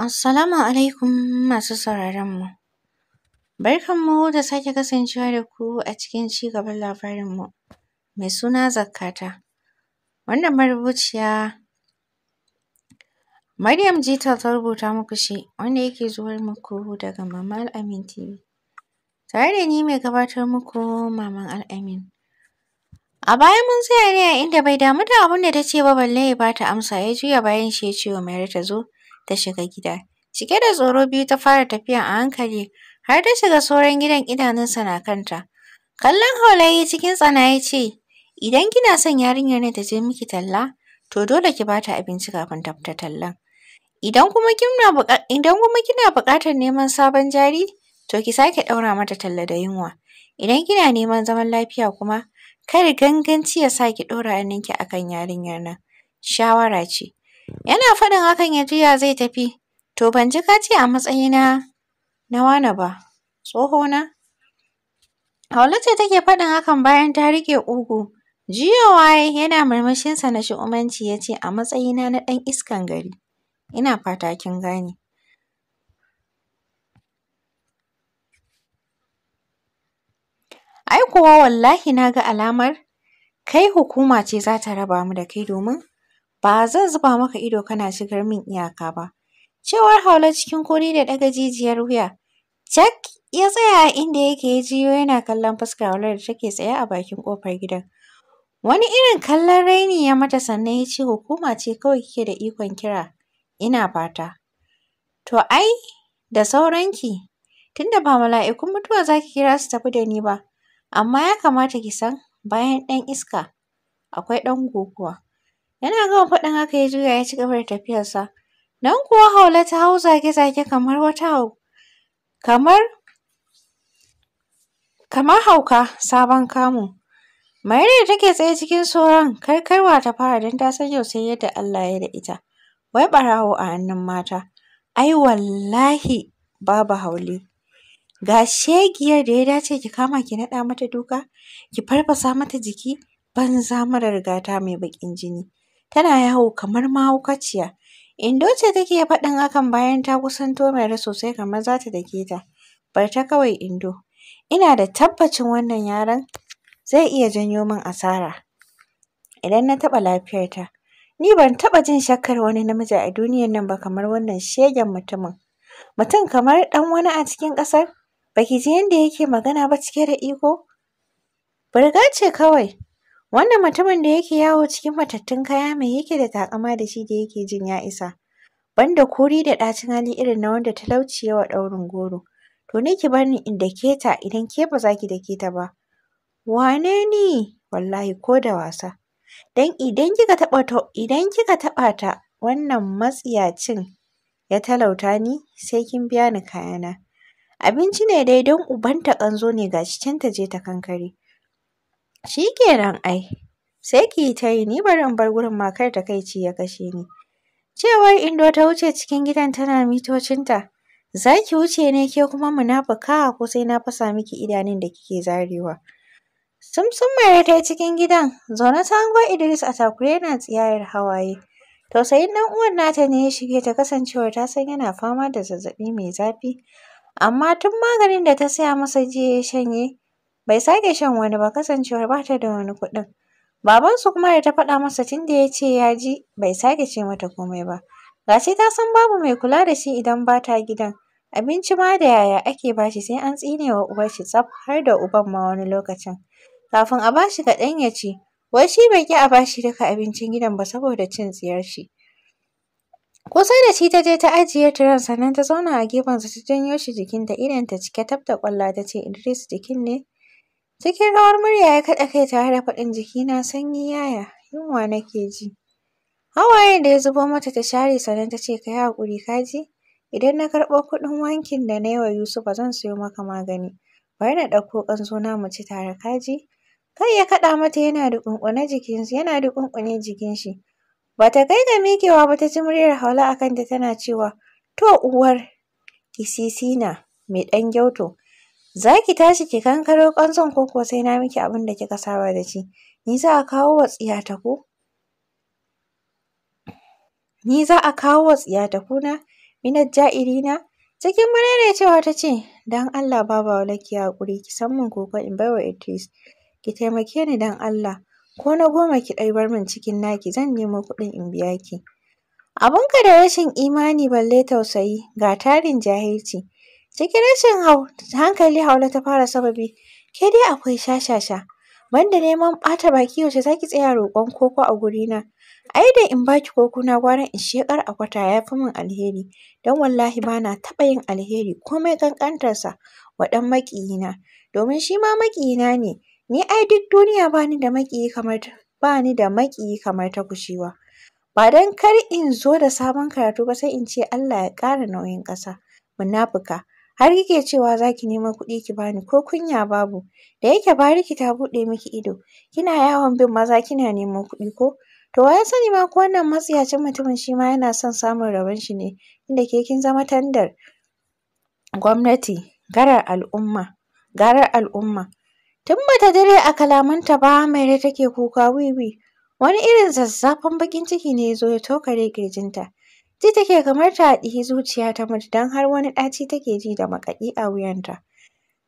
Assalamu alaikum masu barkan Barkanmu da sake kasancewa da ku a cikin ci gaban labarinmu mai suna Zakkata. Wannan marubuciya Maryam Jita ta rubuta muku shi wanda yake zuwar muku daga Mama Al-Amin TV. Tare da ni mai gabatar muku Maman Al-Amin. A baya mun tsaya ne a inda bai damu da abin da ta ce ba balle ya ba ta amsa ya juya bayan shi ya ce wa Mairo ta zo. ta shiga gida. Cike da tsoro biyu ta fara tafiya a hankali har ta shiga sauran gidan idanunsa na kanta. Kallon Haulayi cikin tsana ya ce, Idan kina son yarinyar nan ta je miki talla, to dole ki bata abinci kafin ta fita tallan. Idan kuma kina buƙatar neman sabon jari, to ki sake ɗaura mata talla da yunwa. Idan kina neman zaman lafiya kuma, kar ganganci ya sa ki ɗora hannunki a kan yarinyar nan. Shawara ce, Yana faɗin hakan ya juya zai tafi. To ban ji ka ce a matsayina na wane ba, tsohona. Hauwa ce take faɗin hakan bayan ta riƙe ƙugu. Jiyowa yana murmushinsa na shi'umanci ya ce a matsayina na ɗan iskan gari. Ina fata kin gane. Ai kuwa wallahi na ga alamar kai hukuma ce za ta raba mu da kai domin ba zan zuba maka ido kana shigar min iyaka ba. Cewar Haula cikin kuri da ɗaga jijiyar wuya. Jack ya tsaya a inda yake ya jiyo yana kallon fuskar Haula da take tsaye a bakin ƙofar gidan. Wani irin kallon raini ya mata sannan ya ce hukuma ce kawai kike da ikon kira, ina fata. To ai, da sauranki, tunda ba mala'ikun mutuwa za ki kira su tafi da ni ba, amma ya kamata ki san bayan ɗan iska akwai ɗan guguwa. Yana gama faɗin haka ya juya ya ci gaba da tafiyarsa. Nan kuwa Haula ta hau zage-zage kamar wata kamar kamar hauka sabon kamu. Maryam da take tsaye cikin tsoron karkarwa ta fara don ta san yau sai yadda Allah ya da ita. Wai ɓarawo a hannun mata. Ai wallahi babu hauli Ga shegiyar da ya dace ki kama ki naɗa mata duka, ki farfasa mata jiki, banza marar rigata mai baƙin jini. tana yawo kamar mahaukaciya. Indo ce take faɗin hakan bayan ta kusanto Mairo sosai kamar za ta dake ta. Bar ta kawai Indo, ina da tabbacin wannan yaron zai iya janyo min asara idan na taɓa lafiyarta. Ni ban taɓa jin shakkar wani namiji a duniyar nan ba kamar wannan shegen mutumin. Mutum kamar ɗan wani a cikin ƙasar, ba ki ji yadda yake magana ba cike da iko? Burga ce kawai. Wannan mutumin da yake yawo cikin matattun kaya me yake da takama da shi da yake jin ya isa? Banda kuri da ɗacin hali irin na wanda talauci ya wa ɗaurin goro. To ni ki bar ni in dake ta idan ke ba za ki dake ta ba. Wane ni? Wallahi ko da wasa. Don idan kika taɓa ta idan kika taɓa ta wannan matsiyacin ya talauta ni sai kin biya ni kayana. Abinci ne dai don ubanta ƙanzo ne ga shi can ta je ta kankare. Shi kenan ai, sai ki yi ta yi ni bari in bar gurin ta ta kaici ya kashe ni. Cewar Indo ta wuce cikin gidan tana mitocinta. Za ki wuce ne ke kuma munafuka ko sai na fasa miki idanun da kike zarewa. Sumsum mai ta cikin gidan, zaune ta hango Idris a takure yana tsiyayar hawaye. Tausayin ɗan uwan nata ne ya shige ta kasancewar ta san yana fama da zazzaɓi mai zafi. Amma tun maganin da ta saya masa jiya ya shanye, Bai sake shan wani ba kasancewar ba ta da wani kuɗin. Babansu kuma da ta faɗa masa tun da ya ce ya ji bai sake ce mata komai ba. Ga sai ta san babu mai kula da shi idan ba ta gidan. Abinci ma da yaya ake ba shi sai an tsine wa uwar shi tsaf har da uban ma wani lokacin. Kafin a ba shi kaɗan ya ci. Wai shi bai ƙi a ba shi duka abincin gidan ba saboda cin tsiyar shi. Kusa da shi ta je ta ajiye tiran sannan ta zauna a gefensa ta janyo shi jikinta ta cike tab da ƙwalla ta ce Idris jikin ne Cikin rawar murya ya kaɗa kai tare da faɗin jiki na sanyi yaya, yunwa nake ji. Hawayen da ya zubo mata ta share sannan ta ce ka yi haƙuri ka ji, idan na karɓo kuɗin wankin da na yi wa Yusuf ba zan siyo maka magani, bari na ɗauko ƙanzona mu ci tare ka ji. Kai ya kaɗa mata yana duƙunƙune jikin yana duƙunƙune jikin shi. Ba ta kai ga miƙewa ba ta ji muryar Haula a kanta tana cewa to uwar kisisina mai ɗan gyauto zaki tashi ki kankaro kanzon ko ko sai na miki abin da kika saba da shi? Ni za a kawo wa tsiyata ko? Ni za a kawo wa ta ko na? Minat ja'irina? Cikin cewa ta ce, Dan Allah baba walaki hakuri haƙuri ki san min koko in baiwa Idris. Ki taimake ni dan Allah. Ko na goma ki ɗai bar min cikin naki zan nemo kuɗin in biya ki. Abunka da rashin imani balle tausayi ga tarin jahilci. Cikin rashin hankali Haula ta fara sababi, ke dai akwai shashasha. Banda neman ɓata baki yaushe za ki tsaya roƙon koko a gurina? Ai da in ba ki kokona gwara in sheƙar a kwata ya fi min alheri, don wallahi ba na taɓa yin alheri komai ƙanƙantarsa wa ɗan maƙiyina, domin shi ma maƙiyina ne. Ni ai duk duniya ba ni da maƙiyi kamar ta ba da maƙiyi kamar ta kushewa. Ba don kar in zo da sabon karatu ba sai in ce Allah ya ƙara nauyin ƙasa. Munafuka, har kike cewa za ki nemo kuɗi ki bani ko kunya babu da yake bariki ta buɗe miki ido kina yawon bin maza kina neman kuɗi ko to wa ya sani ma ko wannan matsiyacin mutumin shi ma yana son samun rabon shi ne tunda ke kin zama tandar gwamnati garar al'umma garar al'umma tun bata dare a kalamanta ba mai da take kuka wiwi wani irin zazzafan baƙin ciki ne ya zo ya tokare ƙirjinta Ji take kamar ta haɗiyi zuciya ta mutu don har wani ɗaci take ji da maƙaƙi a wuyanta.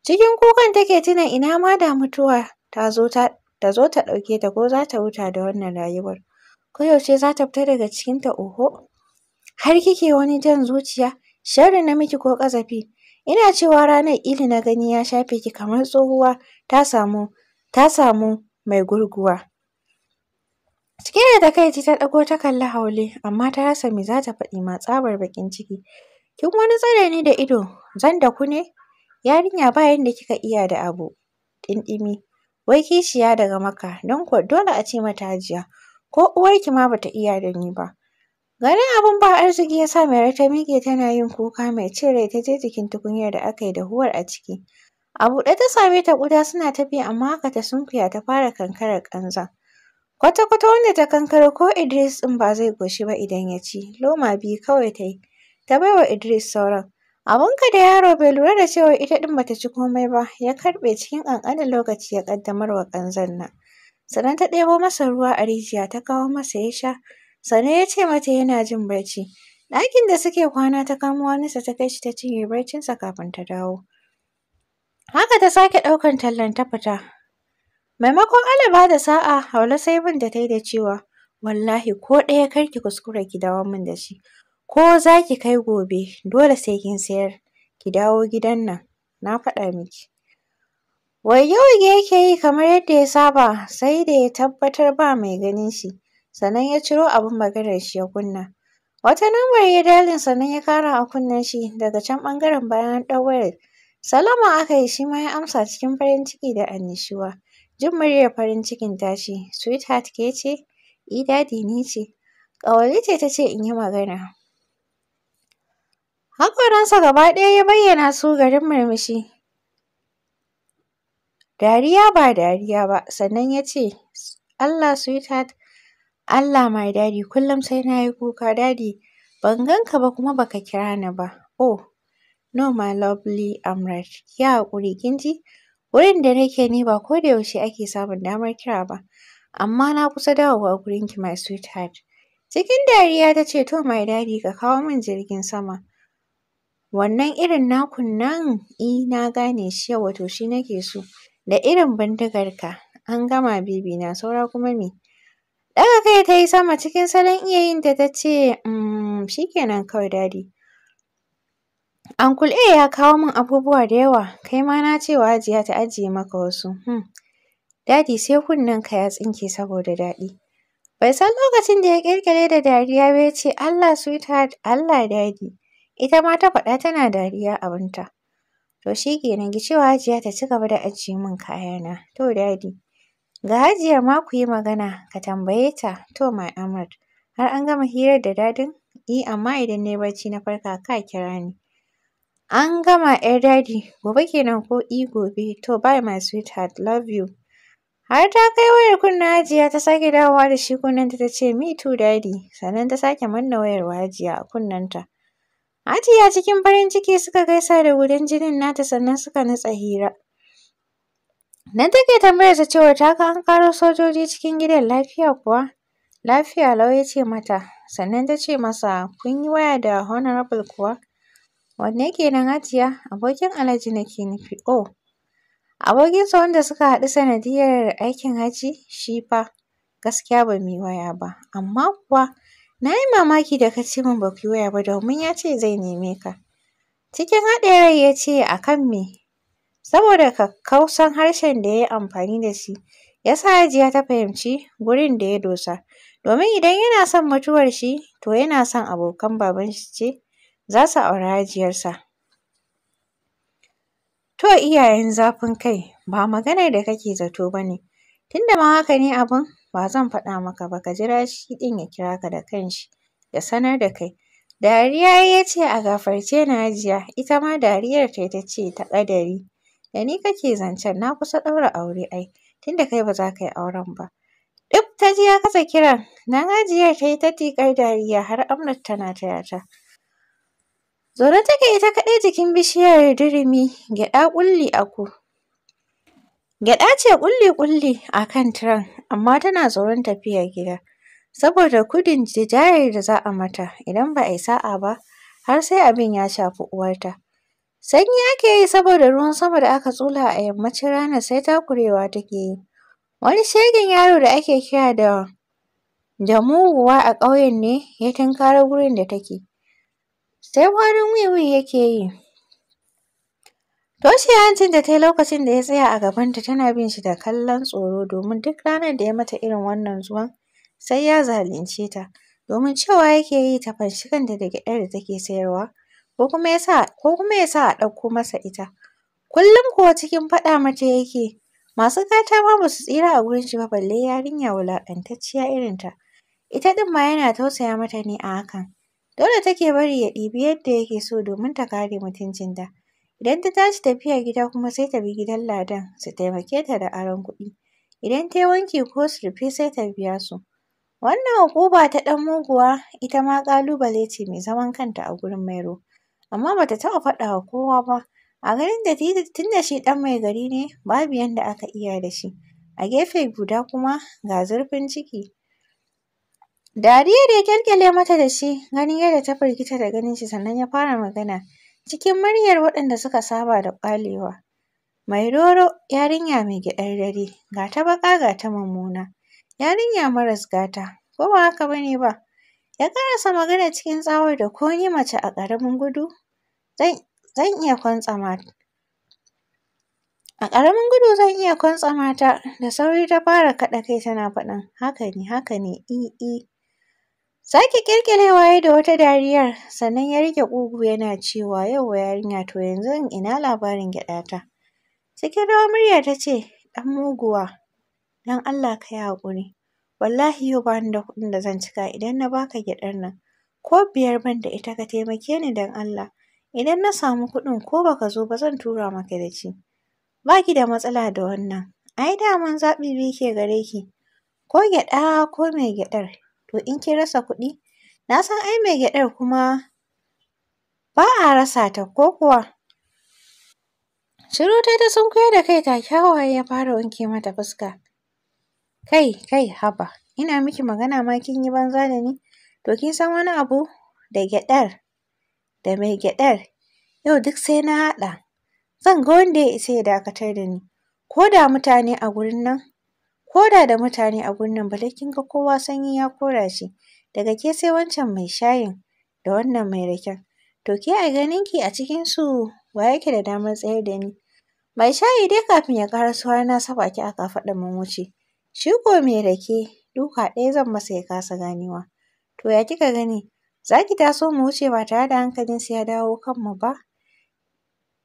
Cikin kukan take tuna ina ma da mutuwa ta zo ta ɗauke ta ko za ta huta da wannan rayuwar. Koyaushe za ta fita daga cikinta oho. Har kike wani jan zuciya, sharri na miki ko ƙazafi. Ina cewa ranar ili na gani ya shafe ki kamar tsohuwa ta samu mai gurguwa. Cike da takaici ta ɗago ta kalli Haule, amma ta rasa me za ta faɗi ma tsabar baƙin ciki. Kin wani tsare ni da ido, zan da ku ne? Yarinya ba yanda kika iya da abu. Ɗinɗimi, wai kishiya daga maka, don kuwa dole a ce mata jiya, ko uwarki ma bata iya da ni ba. Ganin abin ba arziki ya sa mai ta miƙe tana yin kuka mai cin rai ta je jikin tukunyar da aka yi huwar a ciki. A buɗe ta same ta ƙuda suna tafiya amma haka ta sunkuya ta fara kankarar ƙanza. Kwata-kwata wanda ta kankare ko Idris ɗin ba zai goshi ba idan ya ci, loma biyu kawai ta yi, ta bai wa Idris sauran. Abunka da yaro bai lura da cewa ita ɗin ba ta ci komai ba, ya karɓe cikin ƙanƙanin lokaci ya ƙaddamar wa ƙanzon na. Sannan ta ɗebo masa ruwa a rijiya ta kawo masa ya sha, sannan ya ce mata yana jin barci. Ɗakin da suke kwana ta kamo waninsa ta kai shi ta cinye barcinsa kafin ta dawo. Haka ta sake ɗaukan tallan ta fita. Maimakon Allah ba da sa'a, Haula sai bin da ta yi da cewa, wallahi ko ɗaya kar ki kuskura ki dawo min da shi. Ko za ki kai gobe, dole sai kin sayar. Ki dawo gidan nan, na faɗa miki. Waige-waige yake yi kamar yadda ya saba, sai da ya tabbatar ba mai ganin shi. Sannan ya ciro abin maganar shi ya kunna. Wata lambar ya dalin sannan ya kara a kunnen shi daga can ɓangaren bayan an ɗau wayar. Salama aka yi shi ma ya amsa cikin farin ciki da annishuwa. Jin muryar farin cikin tashi, “Sweetheart ke ce?” “Eh Daddy ni ce.” Ƙawali ce ta ce in yi magana. Haƙoransa gaba ɗaya ya bayyana su garin murmushi. Dariya ba dariya ba, sannan ya ce, “Allah sweetheart, Allah my daddy, kullum sai na yi kuka daddy, ban gan ka ba kuma ba ka kira ni ba. Oh, no my lovely Amrat, ki haƙuri kin ji?” Wurin da nake ni ba ko da yaushe ake samun damar kira ba, amma na kusa dawowa gurinki my sweetheart. Cikin dariya ta ce to my daddy ka kawo min jirgin sama. Wannan irin nakun nan i na gane shi yawa to shi nake so, da irin bindigar ka An gama baby na saura kuma me? Ɗaga kai ta yi sama cikin salon iya ta ce um shi kenan kawai daddy. Uncle A ya kawo min abubuwa da yawa, kai ma na ce wa Hajiya ta ajiye maka wasu. Hmm. Dadi sai kunnenka ya tsinke saboda daɗi. Bai san lokacin da ya ƙirƙire da dariya ba ya ce Allah sweetheart, Allah dadi. Ita ma ta faɗa tana dariya abinta. To shi kenan ki ce wa Hajiya ta ci gaba da ajiye min kayana. To dadi. Ga Hajiyar ma ku yi magana, ka tambaye ta. To my Amrat, har an gama hirar da dadin? I eh, amma idan na yi barci na farka ka kira ni. An gama ‘yar dadi, gobe kenan ko i gobe, to bye my sweetheart, love you. Har ta kai wayar kunnen ajiya ta sake dawowa da shi kunnenta ta ce me too daddy, sannan ta sake manna wayar wa Hajiya a kunnenta. Hajiya cikin farin ciki suka gaisa da gudan jinin nata sannan suka nutsa hira. Nan take tambayar ta cewa ta ga an ƙaro sojoji cikin gidan lafiya kuwa? Lafiya lau ya ce mata, sannan ta ce masa kun yi waya da honorable kuwa? Wanne kenan Hajiya? Abokin Alhaji nake nufi. Oh, abokinsa wanda suka haɗu sanadiyyar aikin hajji Shi fa gaskiya ba mai waya ba, amma kuwa na yi mamaki da ka ce min ba ku yi waya ba domin ya ce zai neme ka. Cikin haɗe rai ya ce a kan me? Saboda kakkausan harshen da ya yi amfani da shi ya sa Hajiya ta fahimci gurin da ya dosa. Domin idan yana son mutuwar shi to yana son abokan baban shi ce za su auri hajiyarsa. To iyayen zafin kai ba maganar da kake zato ba ne, tunda ma haka ne abin ba zan faɗa maka ba ka jira shi ɗin ya kira ka da kanshi ya sanar da kai. Dariya ya ce a gafarce na hajiya, ita ma dariyar tai ta ce ta ƙadari. Da ni kake zancen na kusa ɗaura aure ai, tunda kai ba za ka yi auren ba. Duk ta ji ya kasa kiran, nan hajiyar ta yi ta tiƙar dariya har Amnat tana taya ta. Zaune take ita kaɗai jikin bishiyar dirimi, gyaɗa ƙulli Gyaɗa ce ƙulli-ƙulli a kan tiren, amma tana tsoron tafiya gida, saboda gudun jidayar da za a mata idan ba a yi sa'a ba, har sai abin ya shafi uwarta. Sanyi ake yi saboda ruwan sama da aka tsula a yammacin rana, sai takurewa take yi. Wani shegen yaro da ake kira da da a ƙauyen ne ya tunkari gurin da take. sai warin wiwi yake yi. Toshe hancin da ta yi lokacin da ya tsaya a gabanta tana bin shi da kallon tsoro domin duk ranar da ya mata irin wannan zuwan sai ya zalunce ta. Domin cewa yake yi ta fanshi kanta daga ‘yar da take sayarwa ko kuma ya sa a ɗauko masa ita. Kullum kuwa cikin faɗa mata yake. Masu gata ma ba su tsira a gurin shi ba balle yarinya wulaƙantacciya irin ta. Ita ɗin ma yana tausaya mata ne a hakan. Dole take bari ya ɗibi yadda yake so domin ta kare mutuncin ta Idan ta tashi tafiya gida kuma sai ta bi gidan Ladan su taimake ta da aron kuɗi. Idan ta yi wanki ko rufe sai ta biya su. Wannan hukuba ta ɗan muguwa ita ma ƙalubale ce mai zaman kanta a gurin Mairo. Amma ba ta taɓa faɗa wa kowa ba. A ganin da tun da shi ɗan mai gari ne babu yanda aka iya da shi. A gefe guda kuma ga zurfin ciki. Dariya da ya ƙyalƙyale mata da shi, ganin yadda ta firgita da ganin shi sannan ya fara magana cikin muryar waɗanda suka saba da ƙwalewa. Mai roro, yarinya mai gyaɗar dare, ga ta baƙa ga ta mummuna, yarinya maras gata, ko ba haka ba ne ba? Ya ƙarasa magana cikin tsawon da ko ni mace a ƙaramin gudu zan iya kwantsa mata. A ƙaramin gudu zan iya kwantsa mata, da sauri ta fara kaɗa kai tana faɗin haka ne haka ne i i. Sake ƙirƙirewa ya da wata dariyar, sannan ya rike ƙugu yana cewa yauwa yarinya to yanzu ina labarin gyaɗata. Cikin rawar murya ta ce, ɗan muguwa, don Allah ka yi haƙuri. Wallahi yau ba ni da kuɗin da zan cika idan na baka gyaɗar nan. Ko biyar ban da ita ka taimake ni don Allah. Idan na samu kuɗin ko baka zo ba zan tura maka da shi. Ba ki da matsala da wannan. Ai daman zaɓi biyu ke gare ki, ko gyaɗa ko mai gyaɗar. to in kin rasa kuɗi na san ai mai gyaɗar kuma ba a rasa ta ko kuwa? Shiru tai ta sunkuyar da kai take hawaye ya fara wanke mata fuska. Kai, kai, haba, ina miki magana ma kin yi banza da ni? To kin san wani abu? Da gyaɗar, da mai gyaɗar, yau duk sai na haɗa. Zan ga wanda ya isa ya dakatar da ni. Ko da mutane a gurin nan Ko da da mutane a gurin nan bale kin ga kowa sanyi ya kora shi. Daga ke sai wancan mai shayin da wannan mai raken. To ke a ki a cikinsu wa yake da damar tsayar da ni? Mai shayi dai kafin ya ƙaraso suwa na saba ki a kafaɗar mun wuce. Shi ko mai rake duka ɗaya zan masa ya kasa ganewa. To ya kika gani? Za ki taso mu wuce ba tare da hankalinsa ya dawo kanmu ba?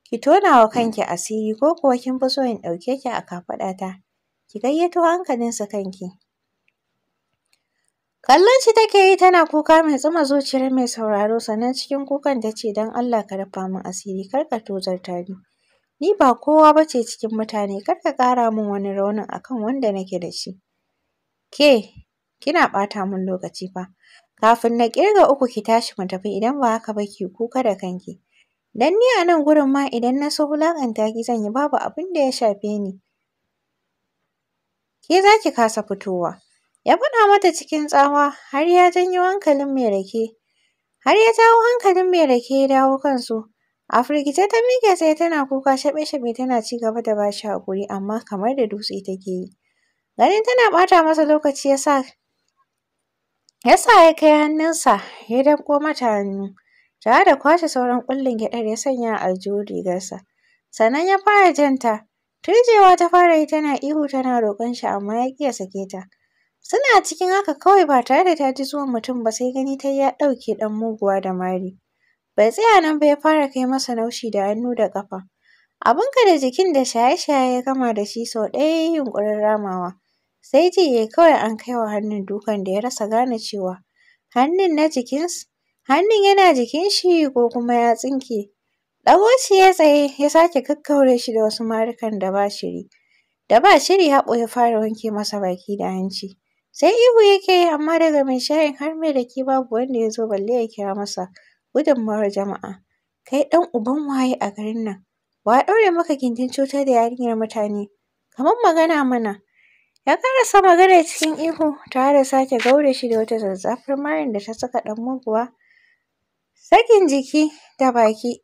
Ki tona wa kanki asiri ko kuwa kin fi so in ɗauke ki a kafaɗata ki gayyato hankalinsa kanki. Kallon shi take yi tana kuka mai tsuma zuciyar mai sauraro sannan cikin kukan ta ce don Allah ka rufa min asiri kar ka tozarta ni. Ni ba kowa ba ce cikin mutane kar ka ƙara min wani raunin akan wanda nake da shi. Ke kina ɓata min lokaci fa. Kafin na ƙirga uku ki tashi mu tafi idan ba haka ba ki kuka da kanki. Dan ni a nan gurin ma idan na so wulaƙanta ki zan yi babu abin da ya shafe ni. ke za ki kasa fitowa. Ya faɗa mata cikin tsawa har ya janyo hankalin mai rake. Har ya jawo hankalin mai rake ya dawo kansu. A firgice ta miƙe sai tana kuka shaɓe-shaɓe tana ci gaba da bashi shi haƙuri amma kamar da dutse take yi. Ganin tana ɓata masa lokaci ya sa ya sa ya kai hannunsa ya danƙo mata hannu tare da kwashe sauran ƙullin gyaɗar ya sanya a aljihun rigarsa. Sannan ya fara jan ta Turjewa ta fara yi tana ihu tana roƙon shi amma ya ƙi ya sake ta. Suna cikin haka kawai ba tare da ta ji zuwan mutum ba sai gani ta ya ɗauke ɗan muguwa da mari. Bai tsaya nan ba ya fara kai masa naushi da hannu da ƙafa. Abinka da jikin da shaye-shaye ya gama da shi sau ɗaya ya yi yunƙurin ramawa. Sai ji ya yi kawai an kai wa hannun dukan da ya rasa gane cewa hannun na jikin hannun yana jikin shi ko kuma ya tsinke. Ɗago shi ya tsaye ya sake kakkaure shi da wasu marikan da ba shiri. Da ba shiri haƙo ya fara wanke masa baki da hanci. Sai ihu yake yi amma daga mai shayin har mai rake babu wanda ya zo balle ya kira masa gudunmawar jama'a. Kai ɗan uban waye a garin nan? Wa ɗaure maka gindin cutar da yarinyar mutane? Kamar magana mana. Ya ƙarasa magana cikin ihu tare da sake gaure shi da wata zazzafar marin da ta saka ɗan muguwa sakin jiki da baki